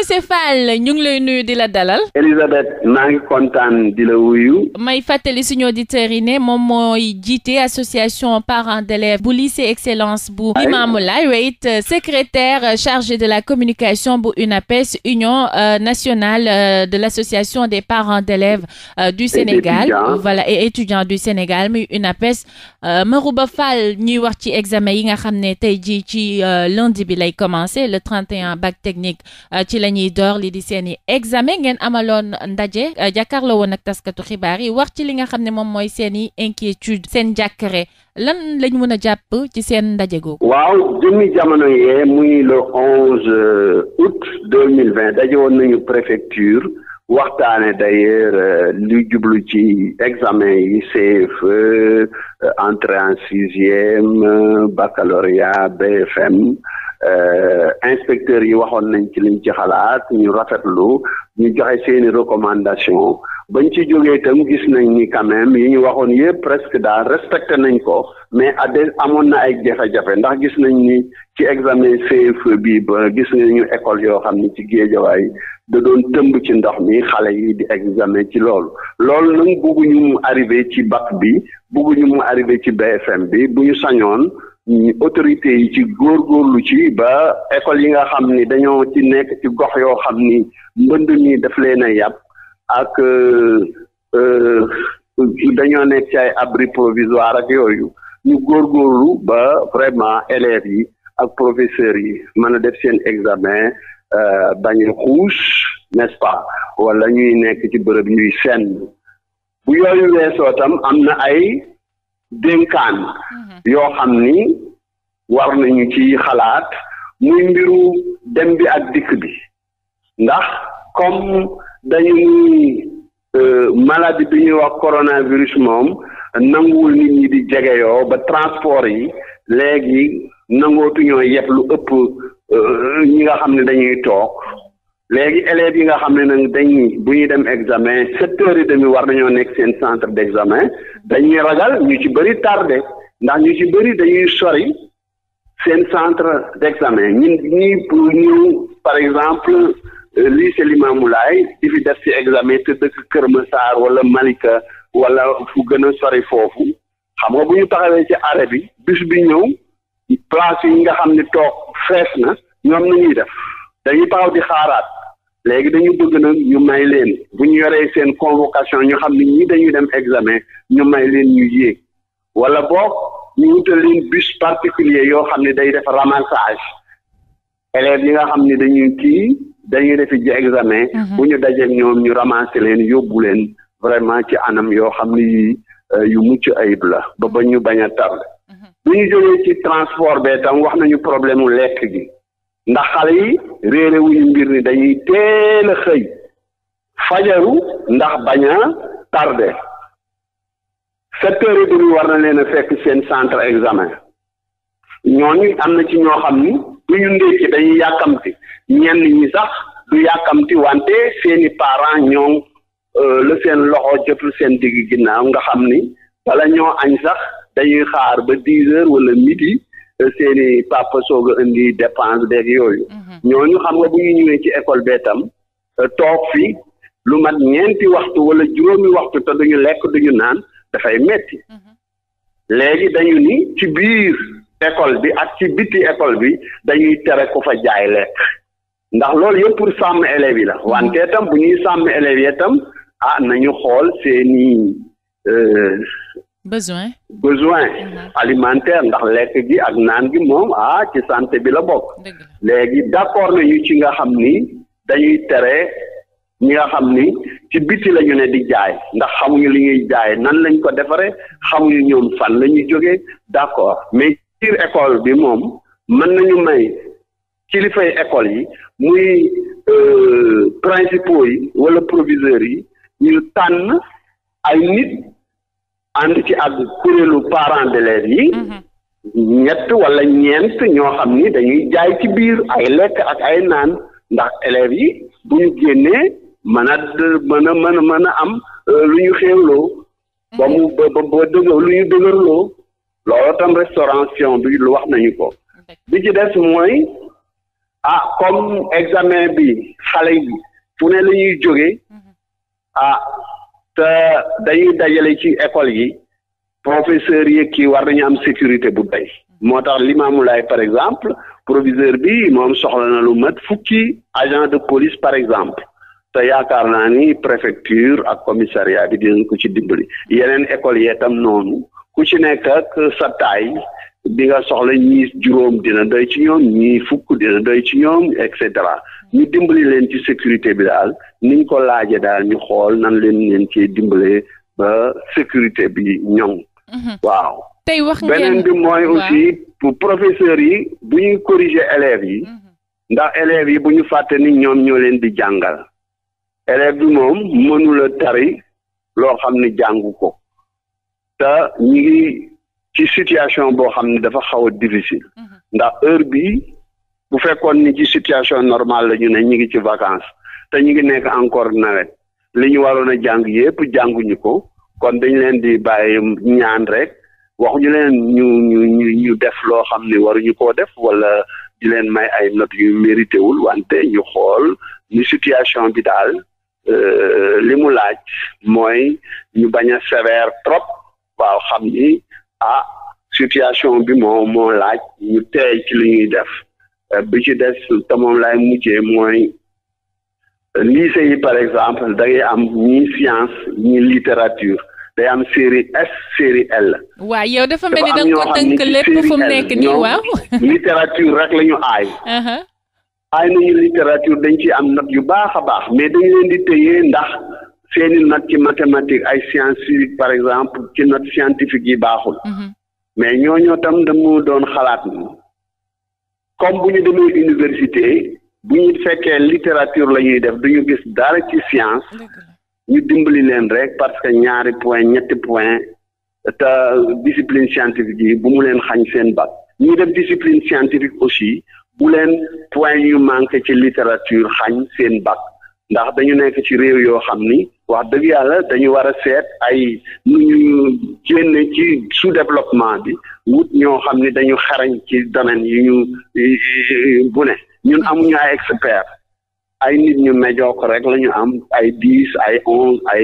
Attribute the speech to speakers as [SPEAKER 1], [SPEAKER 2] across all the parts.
[SPEAKER 1] monsieur Fall ñu ngi lay nuyu di la dalal.
[SPEAKER 2] Elisabeth maa ngi kontaan di la wuyu.
[SPEAKER 1] may fàttali suñu auditeurs yi ne moom mooy jiite association parents d'élèves bu lycée excellence bu Limamoulaye waaye it euh, secrétaire chargé de la communication bu UNAPES union euh, nationale euh, de l'association des parents d'élèves du Sénégal voilà et étudiants du Sénégal muy UNAPES Marouba Fall ñuy wax ci examen yi nga xam ne tey jii ci lundi bi lay commencer le 31 bac technique ci dañuy door li di seen i examen ngeen amaloon ndaje eh, jàkkaarloo woon ak taskatu xibaar yi wax ci li nga xam ne moom mooy seeni i inquiétude seen jàkkare lan lañ mën a jàpp ci seen ndaje
[SPEAKER 2] googu. waaw jëmmi jamono yee muy le onze euh, août mille vingt daje woon nañu préfecture waxtaane d'ailleurs euh, lu jublu ci examen yi CFE euh, entrée en sixième BFM. Euh, inspecteurs yi waxoon nañ ci liñ ci xalaat ñu rafetlu ñu joxe seeni recommandation bañ ci jógee itam gis nañ ni quand yi ñu waxoon yëpp presque daal respecté nañ ko mais ade amoon na ay jafe-jafe ndax gis nañ ni ci examen CFEE bi ba gis nañu école yoo xam ni ci géejawaay da doon tëmb ci ndox mi xale yi di examen ci loolu lool nag bugguñu mu arrivé ci bac bi bugguñu mu arrivé ci BFM bi bu ñu sañoon autorités yi ci góor góorlu ci ba école yi nga xam ni dañoo ci nekk ci gox yoo xam ni mbënd mi daf leen a yàpp ak euh, euh, dañoo nekk ci ay abri provisoire ak yooyu ñu góor góorlu ba vraiment élèves yi ak professeurs yi mën a def seen examen euh, bañ a xuus n'est-ce pas nekk ci bërëb ñuy seen bu yooyu weesoo am na ay dénkaan mhm. yoo xam ni war nañu ci xalaat muy mbiru dem bi ak dikk bi ndax comme dañuy euh, maladie bi ñuy wax coronavirus moom nanguwul nit ñi di jegeyoo ba transport yi léegi nangootuñoo yeb lu ëpp euh, ñi nga xam ne dañuy toog léegi élèves yi nga xam ne nag dañuy bu ñuy dem examen sept heures et demi war nañoo nekk seen centre d' examen dañuy ragal ñu ci bëri tardé ndax ñu ci bëri dañuy sori seen centre d' examen ñun ñii pour ñëw par exemple euh, lycée Limamoulaye di fi def ci examen te dëkk Kër Massar wala Malika wala fu gën a sori foofu xam nga bu ñu taxawee ci arrêt bi bus bi ñëw place yi nga xam ne toog fees na ñoom na ñuy def dañuy taxaw di xaaraat. léegi dañu bëgg nag ñu may leen bu ñu yoree seen convocation ñu xam ne ñii dañuy dem examen ñu may leen ñu yéeg wala boog ñu wutal leen bus particulier yoo xam ne day def ramassage élèves yi nga xam ne dañuy kii dañuy defi ji examen mhm. bu ñu dajeek ñoom ñu ramasser leen yóbbu leen vraiment ci anam yoo xam ni euh, yu mucc ayib la ba ba ñu bañ a tarde mhm. bu ñu jógee ci transport bee tam wax nañu problème mu lekk gi ndax xale yi réere wuñu mbir ni dañuy teel a xëy fajaru ndax bañ a tardé sept du war na leen a fekk seen centre examen ñooñu am na ci ñoo xam ni du ñu ndékki dañuy yàkkamti ñenn ñi sax du yàkkamti wante seeni parents ñoo euh, la seen loxo jotul seen digg ginnaaw nga xam ni wala ñoo añ sax dañuy xaar ba dix heures wala midi seeni papa soog indi dépense beeg yooyu mhm. ñooñu xam nga bu ñu ñëwee ci école bee tam euh, toog fi lu mat ñeenti waxtu wala juróomi waxtu te duñu lekk duñu naan dafay metti mhm. léegi dañu ni ci biir école bi ak ci biti école bi dañuy tere ku fa jaay lekk ndax loolu yëpp pour sàmm élèves yi la mhm. wante tam bu ñuy sàmm élèves yi tam ah nañu xool seeni euh, besoin besoin alimentaire ndax lekk gi ak naan gi moom ah ci santé bi la bokk léegi d'accord nañu ci nga xam ni dañuy tere ñi nga xam ni ci biti lañu ne di jaay ndax xamuñu li ñuy jaay nan lañ ko defaree xamuñu ñoom fan la ñuy jógee d'accord mais ci école bi moom mën nañu may kilifay école yi muy euh, principaux yi wala proviseurs yi ñu tànn ay nit ànd ci ak kuréelu parents d'élèves yi ñett wala ñeent ñoo xam ni dañuy jaay ci biir ay lekk ak ay naan ndax élèves yi bu ñu génnee mën a mën a mën a mën a am euh, lu ñu xéewloo ba mu ba ba dëgër lu ñu dëgërloo loolu tam restauration bi lu wax nañu ko bi ci des mooy ah comme examen bi xale yi fu ne lañuy ñuy ah te dañuy dajale ci école yi professeurs yi kii war nañu am sécurité bu doy moo tax Limamoulaye par exemple proviseur bi moom soxla na lu mat fukki agent de police par exemple te yaakaar naa ni préfecture ak commissariat bi dinañ ko ci dimbali yeneen école yee tam noonu ku ci nekk ak sa taay bi nga soxla ñii juróom dina doy ci ñoom ñii fukk dina doy ci ñoom et ñu dimbali leen ci sécurité bi daal niñ ko laaje daal ñu xool nan leen leen cee dimbalee ba sécurité bi ñoŋ mhm. waaw
[SPEAKER 1] tey wax beneen bi mooy aussi
[SPEAKER 2] pour professeurs yi bu ñu corriger élèves yi mhm. ndax élèves yi bu ñu fàtte ni ñoom ñoo leen di jàngal élève bi moom mënula tari loo xam ne jàngu ko te ñu ngi ci situation boo xam ne dafa xaw a difficile mhm. ndax heure bi bu fekkoon ni ci situation normal la ñu ne ñu ngi ci vacances te ñu ngi nekk encore nawet li ñu waroon a jàng yépp jànguñu ko kon dañ leen di bàyyi ñaan rek waxuñu leen ñu ñu ñu ñu def loo xam ni waruñu koo def wala di leen may ay notes yu mérité wul wante ñu xool ni situation bi daal euh, li mu laaj mooy ñu bañ a sévère trop waaw xam ni ah situation bi moo moo laaj ñu teey ci li ñuy def bi ci des te moom laay mujjee mooy lycée yi par exemple da am ñi science ñi littérature day am série S série L.
[SPEAKER 1] waaw yow dafa mel ni da nga ko tënk lépp
[SPEAKER 2] littérature rek lañu ñu aay. Uh-huh. aay nañu littérature dañ ci am note yu baax a baax mais dañ leen di téye ndax seeni note ci mathématique ay sciences physiques par exemple ci note scientifique yi baaxul. Uh-huh. mais ñoo tam damu doon xalaat. comme bu ñu demee université bu ñu fekkee littérature la ñuy def du ñu gis dara ci science ñu dimbali leen rek parce que ñaari point ñetti point te discipline scientifique yi bu mu leen xañ seen bac ñu def discipline scientifique aussi bu leen point yu manqué ci littérature xañ seen bac ndax dañu nekk ci réew yoo xam ni wax dëgg yàlla dañu war a seet ay nu ñu génne ci sous développement bi wut ñoo xam ni dañu xarañ ci domaine yu ñu bu ñun amuñu ay expert ay nit ñu médiocre rek la ñu am ay dix ay onze ay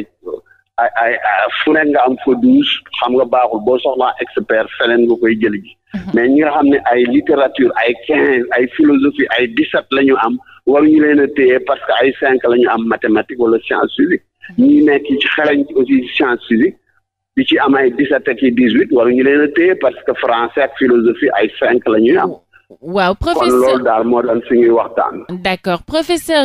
[SPEAKER 2] ay fu nekk nga am fa douze xam nga baaxul boo soxlaa expert feneen nga koy jël ji mhm. mais ñi nga xam ne ay littérature ay quinze ay philosophie ay dix-sept la ñu am waruñu leen a téye parce que ay cinq la am mathématique wala science physique mhm. ñi nekk ci xarañ aussi science physique di ci am ay dix-sept ak dix-huit waruñu leen a téye parce que français ak philosophie ay cinq la ñuy am oh.
[SPEAKER 1] waaw professeur kon loolu daal moo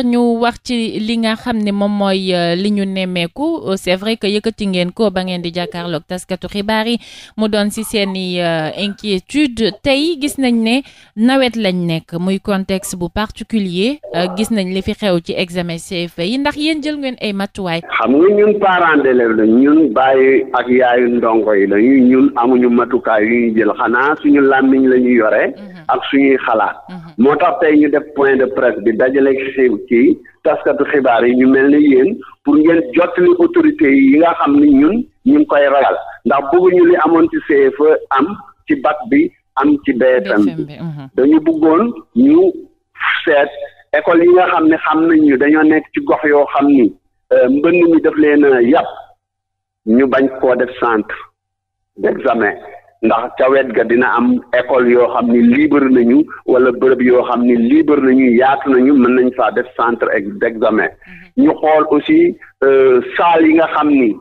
[SPEAKER 1] ñu wax ci li nga xam ne moom mooy euh, li ñu nemmeeku euh, c'est vrai que yëkkati ngeen ko ba ngeen di jàkkaarloog taskatu xibaar yi mu doon ci seeni euh, inquiétude tey gis nañ ne nawet lañ nekk muy contexte bu particulier gis nañ li fi xew ci examen CFEE yi ndax yéen jël ngeen ay matuwaay. xam nga
[SPEAKER 2] ñun parents d'élèves la ñun bàyyi ak yaayu ndongo yi la ñun amuñu matukaay yu ñu jël xanaa suñu làmmiñ la yore. Mhm. suñuy xalaat. Mhm. moo tax tey ñu def point de presse bi dajale si ci taskatu xibaar yi ñu mel ni yéen pour ngeen jottali autorité yi nga xam ni ñun ñu ngi koy ragal ndax ñu li amoon ci CFE am ci BAC bi am ci BFM bi mhm. dañu bëggoon ñu seet école yi nga xam ne xam nañu dañoo nekk ci gox yoo xam ni euh, mbënd mi daf leen a yàpp ñu bañ koo def centre d'examen ndax ca wet ga dina am école yoo xam ni libre nañu wala bërëb yoo xam ni libre nañu yaatu nañu mën nañ faa def centre d'examen mhm. ñu xool aussi euh, salle yi nga xam ni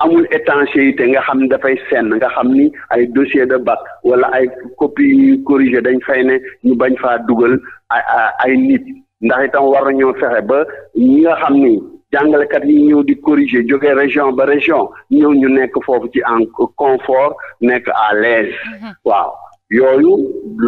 [SPEAKER 2] amul étanchéité nga xam ni dafay senn nga xam ni ay dossier de bac wala ay copie yu corrigé dañ fay ne ñu bañ faa dugal ay ay nit ndax itam war nañoo fexe ba ñi nga xam ni jàngalekat yi ñëw di corriger jóge région ba région ñëw ñu nekk foofu ci en confort nekk à l'aise mhm. waaw yooyu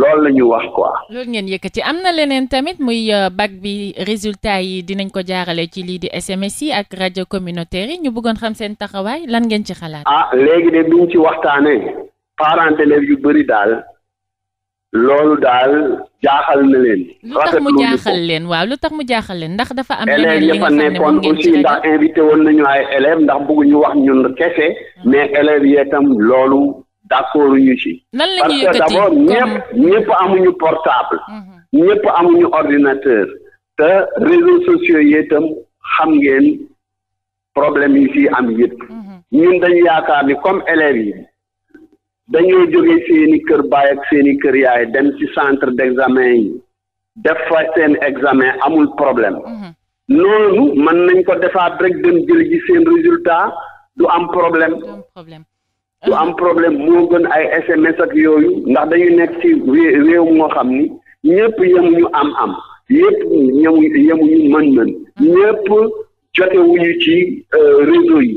[SPEAKER 2] loolu lañu ñu wax quoi.
[SPEAKER 1] loolu ngeen yëkkati am na leneen tamit muy euh, bac bi résultat yi dinañ ko jaarale ci lii di SMS yi ak rajo communautaire yi ñu bëggoon xam seen taxawaay lan ngeen ci xalaat. ah
[SPEAKER 2] léegi de biñ ci waxtaanee parents d'élèves yu bëri daal. loolu daal jaaxal na leen. lu tax mu jaaxal
[SPEAKER 1] leen waaw lu tax mu jaaxal leen ndax dafa am. leneen li nga xam ne moom ngeen ci élèves ya fa nekkoon aussi ndax
[SPEAKER 2] invité woon nañu ay élèves ndax bëgguñu wax ñun kese mais élèves yi itam loolu d'accord ñu ci. lan la ñuy yëkkati parce que d'abord ñëpp ñëpp amuñu portable. Mhm. ñëpp amuñu ordinateur. te réseaux sociaux yi xam ngeen problème yi ci am yëpp. Mhm. ñun dañu yaakaar ni comme élèves yi. dañoo jóge seeni kër baay ak seeni kër yaay dem ci centre d'examen yi def fa seen examen amul problème mhm. noonu mën nañ ko defaat rek dem jël ji seen résultat du am problème du am problème moo gën ay SMS ak yooyu ndax dañu nekk ci réew moo xam ni ñëpp ñu am am yëpp yemuñu yemuñu mën-mën mhm. ñëpp jotewuñu ci euh, réseau yi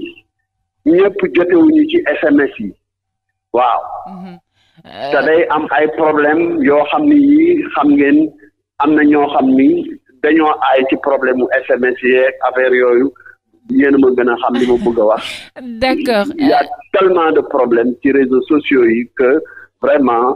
[SPEAKER 2] ñëpp jotewuñu ci SMS yi waaw. Mm-hmm. te uh, day am ay problème yoo xam ni yii xam ngeen am na ñoo xam ni dañoo ay ci problème mu SMS yeeg affaire yooyu yéen a gën a xam li ma bëgg a wax.
[SPEAKER 1] d'accord il y
[SPEAKER 2] tellement de problème ci réseaux sociaux yi que vraiment.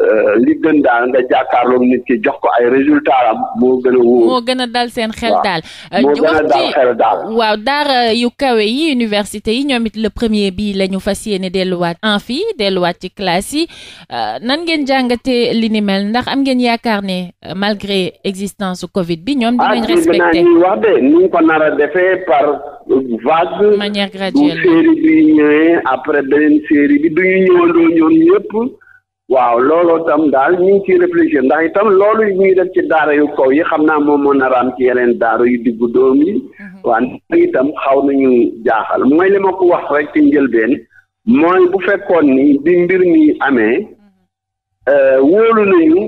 [SPEAKER 2] Euh, li gën daal nga jàkkaarloog nit ki jox ko ay résultat am moo gën a wóor. moo
[SPEAKER 1] gën a dal seen xel daal. moo euh, gën a dal xel daal waaw daara yu kawe yi université yi ñoom it le premier bi la ñu fas yéene delluwaat en fii delluwaat ci classe yi euh, nan ngeen jàngatee li ni mel ndax am ngeen yaakaar ne malgré existence Covid bi ñoom ah, dinañ respecté
[SPEAKER 2] ah ko nar defee par vague. manière graduelle bu bi ñëwee après beneen série bi du ñu ñëwandoo ñoom ñëpp. waaw looloo tam daal ñu ngi ciy réfléchir ndax itam loolu ñuy def ci daara yu kaw yi xam naa moom moo nar a am ci yeneen daara yu diggu doom yi mhm. waaye itam xaw nañu jaaxal mooy li ma ko wax rek ci njëlbeen mooy bu fekkoon nii bi mbir mi amee euh, wóolu nañu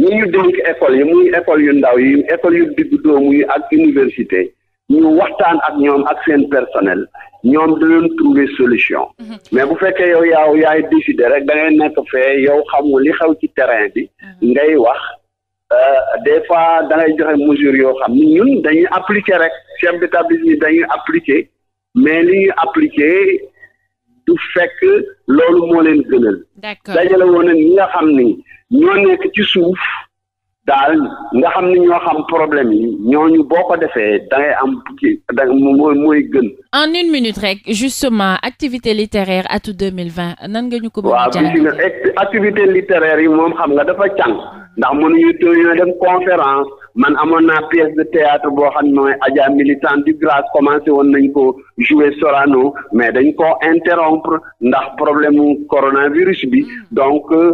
[SPEAKER 2] ñi ñu dénk école yi muy école yu ndaw yi école yu diggu doom yi ak université ñu waxtaan ak ñoom ak seen personnel ñoom dinañ trouver solution. Mhm. mais bu fekkee yow yaaw yaay décider rek da ngay nekk fee yow xamul li xew ci terrain bi. Mhm. ngay wax euh, des fois da ngay joxe mesure yoo xam ni ñun dañuy appliquer rek chef d'établissement yi dañuy appliquer mais li ñuy appliquer du fekk loolu moo leen gënal.
[SPEAKER 1] d'accord dajale
[SPEAKER 2] ñi nga xam ni ñoo nekk ci suuf. daal nga xam ne ñoo xam problème yi ñoo ñu boo ko defee da am kii da mooy mooy gën.
[SPEAKER 1] en une minute rek justement activité littéraire mille 2020 nan nga ñu ko. waaw
[SPEAKER 2] activité littéraire yi moom xam nga dafa càng ndax mënuñu ñu dem conférence. man amoon na pièce de théâtre boo xam ne mooy Adja militant du grâce commencé woon nañ ko jouer Sorano mais dañ ko interrompre ndax problème mu coronavirus bi mm. donc euh,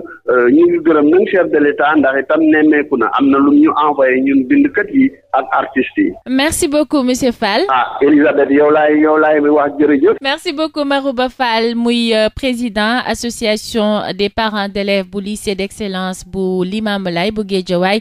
[SPEAKER 2] ñu ngi gërëm nañ chef de l'état ndax itam nemmeeku na am na lu ñu envoyé ñun bindkat yi ak artistes yi.
[SPEAKER 1] merci beaucoup monsieur Fall. ah
[SPEAKER 2] Elisabeth yow laay yow laay wax jërëjëf.
[SPEAKER 1] merci beaucoup Marouba Fall muy euh, président association des parents d'élèves bu lycée d'excellence bu Limamoulaye bu Guédiawaye